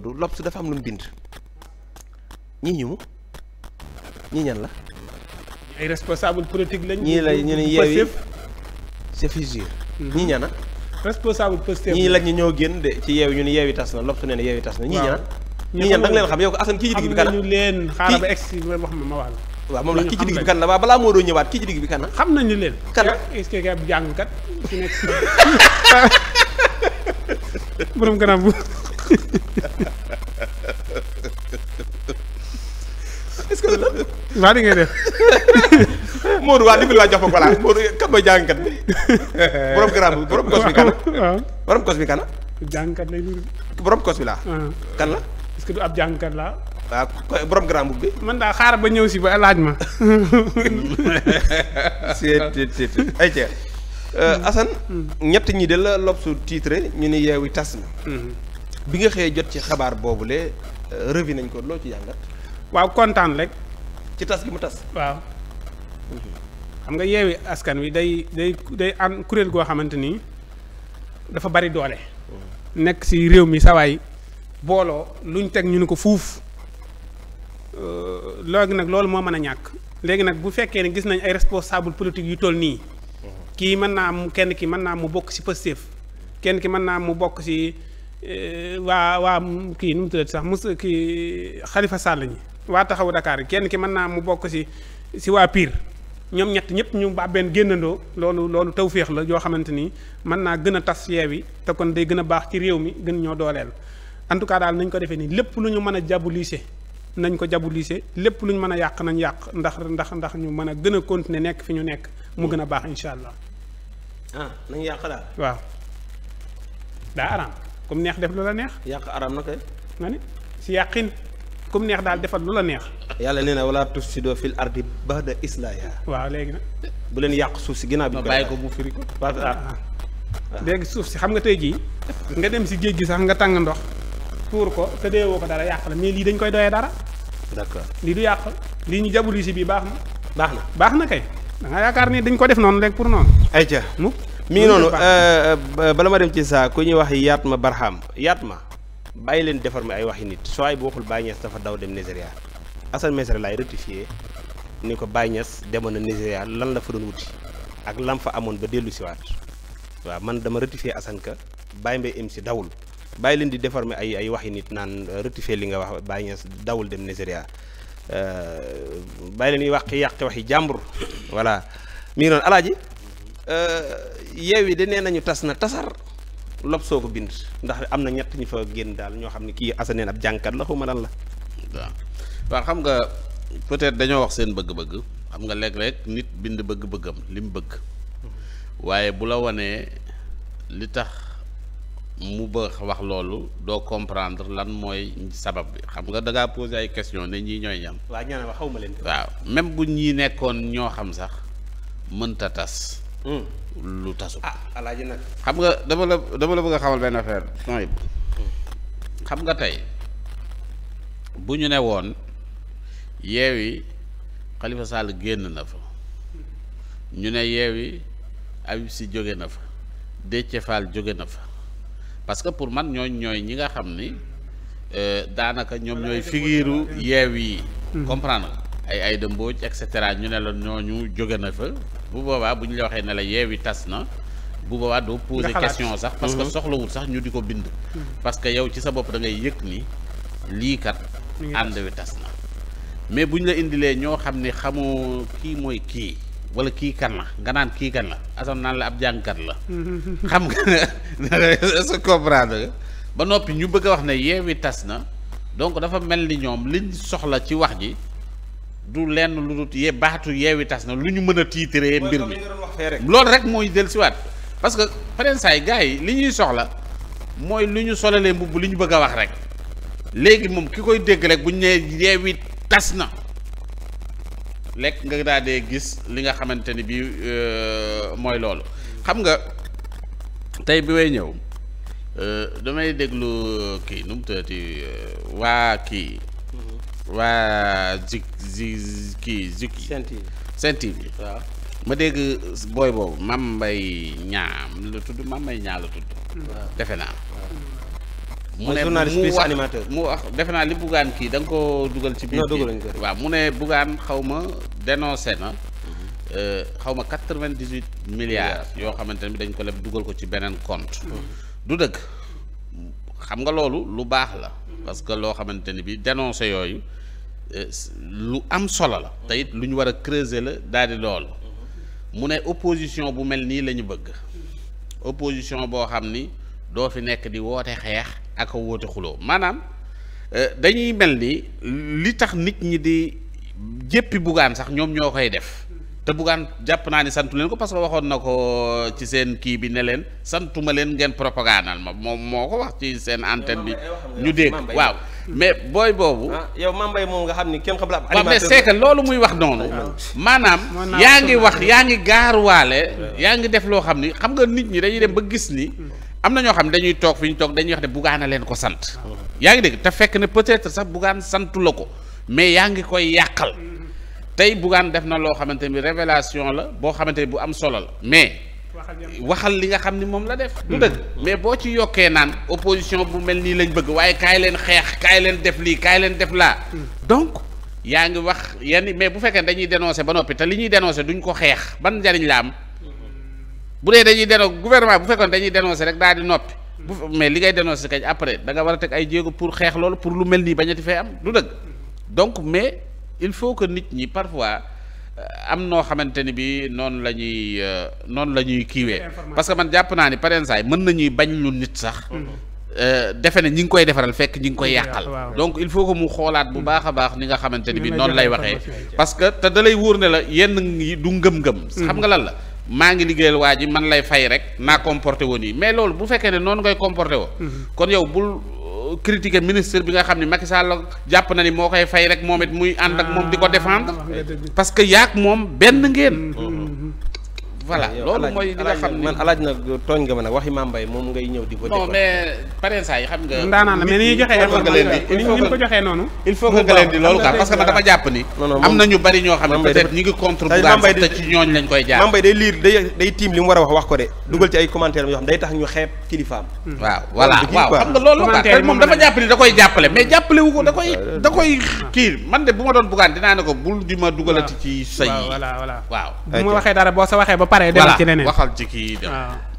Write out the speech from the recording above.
du lobs dafa am lu mu bind ñii ñu mu ñii ñan la. ay responsable politique lañ. ñii la ñu ne yeewi c'est fusure. Mhm. ñii ñana responsable Pastef ñii lañ ñu ñoo génn de ci yeewi ñu ne yeewi tas na lobs nee na yi tas na ñii ñana ñii ñan da nga leen xam yow ko Assane kii ci digg bi kan la ñu ma wax moom la kii ci digg bi kan la waaw balaa moo doon ñëwaat kii ci digg bi kan la. xam nañu leen. kan la est-ce que ab jàngkat. bu. est-ce que loolu la. waa di ngay def. Modou waa dimbali waa jox ko balaa Modou kan mooy jàngkat bi borom garaam bi borom kos bi kan la. borom kos bi kan la. jàngkat lay bi laa. Ah. kan la. est du ab jàngkat laa. waaw borom grand boub bi. man daa xaar ba ñëw si ba laaj ma. ay ca euh, Assane. Hmm. ñett ñi de la lob tiitre ñu ni yeewi tas na. Hmm. bi nga xëyee jot ci xabaar boobu boobule euh, revi nañ ko loo ci jàngat. waaw kontaan rek. ci tas gi mu tas. waaw. Mhm. xam nga yeewi askan wi day day day am kuréel goo xamante ni dafa bari doole. Mhm. nekk ci réew mi sawaay booloo luñ teg ñu ni ko fuuf euh, léegi nag loolu moo mën a ñàkk léegi nag bu fekkee ne gis nañ ay responsable politique yu tool nii mhm. kii mën naa am kenn ki mën naa am mu bokk ci Pastef kenn ki mën naa am mu bokk ci Eh, waa waa kii nu mu tuddati sax mos kii Khalifa Sall ñi waa taxawu yi kenn ki mën naa mu bokk si si waa Pire ñoom ñett ñëpp ñu ba benn génnandoo loolu loolu tawféex la yoo xamante ni mën naa gën a tas Yewwi te kon day gën a baax ci réew mi gën ñoo dooleel en tout cas daal nañ ko defee nii lépp lu ñu mën a jàbulise nañ ko jàbulise lépp lu ñu mën a yàq nañ yàq ndax ndax ndax ñu mën a gën a continuer nekk fi ñu nekk mu gën a baax incha allah. ah nañ yàq daal waaw comme neex def lu la neex. yàq aram na kay. nga ni si yàqin comme neex daal defal lu la neex. yàlla nee na wala tufsidoo fil ardi ba'da islaahihaa. waaw léegi nag. bu leen yàq suuf si ginnaaw bi. nga bàyyi ko bu firi ko parce que ah. Ah. léegi suuf si xam nga tey jii nga dem si géej gi sax nga tàng ndox tuur ko te deewoo ko dara yàq la mais lii dañ koy doyee dara. d'accord lii du yàq lii ñu jabul si bii baax na. baax na baax na kay. da yaakaar ni dañ ko def noonu rek pour noonu. ay ca mukk mi ngi noonu euh, euh, bala ma dem ci saa ku ñuy wax yaat ma barxaam yaat ma bàyyi leen deforme mi ay waxi nit sooy bu waxul Baye Niass dafa daw dem Nigéria Assane Mesere laay rectifié ni ko Baye Niass demoon na Nigéria lan la fa doon wuti ak lam fa amoon ba dellu siwaat waaw man dama rectifié Assane ka Baye Mbaye MC dawul bàyyi leen di defar ay ay waxi nit naan euh, rectifié li nga wax Baye Niass dawul dem Nigéria bàyyi leen di wax yàq waxi jàmbur voilà mi ngi noonu alaaji Euh, yeew yi de nee nañu tas na tasar lob soo ko bind ndax am na ñett ñu fa génn daal ñoo xam ne kii asaneen ab jànkat la xuma lan la waaw xam nga peut-être dañoo wax seen bëgg-bëgg xam nga léeg-léeg nit bind bëgg-bëggam li mu bëgg waaye bu la wanee li tax mu bëgg wax loolu doo comprendre lan mooy sabab bi xam nga da ngaa ay question ne ñii ñooy ñam. waaw ñaanal ma leen. waaw même bu ñii nekkoon ñoo xam sax mënta tas lu tasu ah alaaji nag xam nga dama la dama bëgg a xamal benn affaire mooy xam nga tey bu ñu ne woon yeewi Khalifa Sall génn na fa ñu ne yeewi Habib jóge na fa Déthié Fall jóge na fa parce que pour man ñooñ ñooy ñi nga xam ni euh, daanaka ñoom ñooy figuru yeew yi hmm. comprendre ay ay dëmbooj et cetera ñu ne la ñooñu jóge na fa bu boobaa bu ñu la waxee ne la yeewi tas na bu boobaa doo poser question sax parce que mhm. soxlawul sax ñu di ko bind mhm. parce que yow ci sa bopp da ngay yëg ni lii kat ànd wi tas na mais bu ñu la indilee ñoo xam ne xamoo kii mooy kii wala kii kan la nga naan kii kan la asan naan la ab jàngkat la mhm. xam nga est-ce que ba noppi ñu bëgg a wax ne yeewi tas na donc dafa mel ni ñoom liñ soxla ci wax ji du lenn lu dut ye baatu yeewi tas na lu ñu mën a tiitaree mbir mi loolu rek mooy dellusiwaat parce que pareen saa yi gars yi li ñuy soxla mooy lu ñu solalee mbubb lu ñu bëgg a wax rek léegi moom ki koy dégg rek bu ñu nee yeewi tas na lekk nga daal dee gis li nga xamante ni bii euh, mooy loolu xam nga tey bi may ñëw euh, damay déglu euh, kii nu mu waa kii. waa Zik Zik kii Zik. Sen TV ma dégg booy boobu Mame Mbaye Niang la tudd Mame Mbaye Niang la tudd. defe naa. mu ne mu wax mu wax defe naa li Bougane kii da nga ko dugal ci biir kii waaw mu ne buggaan xaw ma dénoncé na xaw ma quatre vingt yoo xamante ne bi dañ ko leb dugal ko ci beneen compte mhm. du dëkk xam nga loolu lu baax la parce que loo xamante ni bi dénoncé yooyu euh, lu am solo la te it lu ñu war a creuser la daal di loolu mu ne opposition bu mel nii la ñu bëgg opposition boo xam ni doo fi nekk di woote xeex ak woote xuloo maanaam euh, dañuy mel ni li tax nit ñi di jéppi am sax ñoom ñoo koy def te buggaan jàpp naa ni santu leen ko parce que waxoon na ko ci seen kii bi ne leen santuma leen ngeen propagandal ma moom moo ko wax ci seen antenne bi ñu dégg waaw mais booy boobu ah, yow mambay moom nga xam ni kenn xamul ab loolu muy wax noonu ah. maanaam yaa ngi wax yaa ngi gaaruwaale ah. yaa ngi def loo xam ni xam nga nit ñi dañuy dem ba gis ni hmm. am na ñoo xam ne dañuy toog fi ñu toog dañuy wax ne buggaan a leen ko sant yaa ngi dégg te fekk ne peut-être sax buggaan santu la ko mais yaa ngi koy yàqal tey buggaan def na loo xamante ni révélation la boo xamante ni bu am solo la mais waxal li nga xam ni moom la def du dëgg mais boo ci yokkee naan opposition bu mel nii lañ bëgg waaye kaay leen xeex kaay leen def lii kaay leen def laa donc yaa ngi wax yenn mais bu fekkee dañuy dénoncer ba noppi te li ñuy dénoncer duñ ko xeex ban njariñ la am bu dee dañuy dénoncer gouvernement bu fekkoon dañuy dénoncer rek daal di noppi bu mais li ngay dénoncer kañ war a teg ay jéego pour xeex loolu lu mel nii bañati fee am du dëgg donc mais il faut que nit ñi parfois euh, am noo xamante ni bi noonu la ñuy euh, noonu la ñuy kiiwee parce que man jàpp naa ni parents yi mën nañuy bañ lu nit sax mm-hmm. euh, defe ne ñi ngi koy defaral fekk ñi nga koy yàqal donc il faut que mu xoolaat bu mm-hmm. baax a baax ni nga xamante ni bi noonu lay waxee parce que te da lay wóor ne la yenn yi du ngëm-ngëm mm-hmm. xam nga lan la maa ngi liggéeyal waa ji man lay fay rek naa comporté woon yi mais loolu bu fekkee ne noonu ngay comporte woo kon yow bul critiquer ministre bi nga xam ne Macky Sall jàpp na ni moo koy fay rek moom it muy ànd ak moom di ko défendre parce que yaak moom benn ngeen voilà loolu mooy li nga xam ne man alaaj nag tooñ nga ma nag waxi Mame Mbaye moom ngay ñëw di ko non mais parents yi xam nga ndaanaan ni ñu joxee noonu il faut que nga leen di loolu parce que man dama jàpp ni am na ñu bari ñoo xam ne peut ñi ngi contre Bougane ci ñooñ lañ koy jaar Mame day liir day tiim li mu war wax ko de dugal ci ay day tax ñu xeeb kilifaam. Hmm. waaw voilà waaw xam nga loolu la quoi moom dafa jàpp ni da koy jàppale mais jàppale wu ko da koy hmm. da koy kii man de bu ma doon bugaan dinaa ne ko bul di ma dugalati ci say yi waaw bu ma waxee dara boo sa waxee ba pare demal ci leneen waxal ci kii dem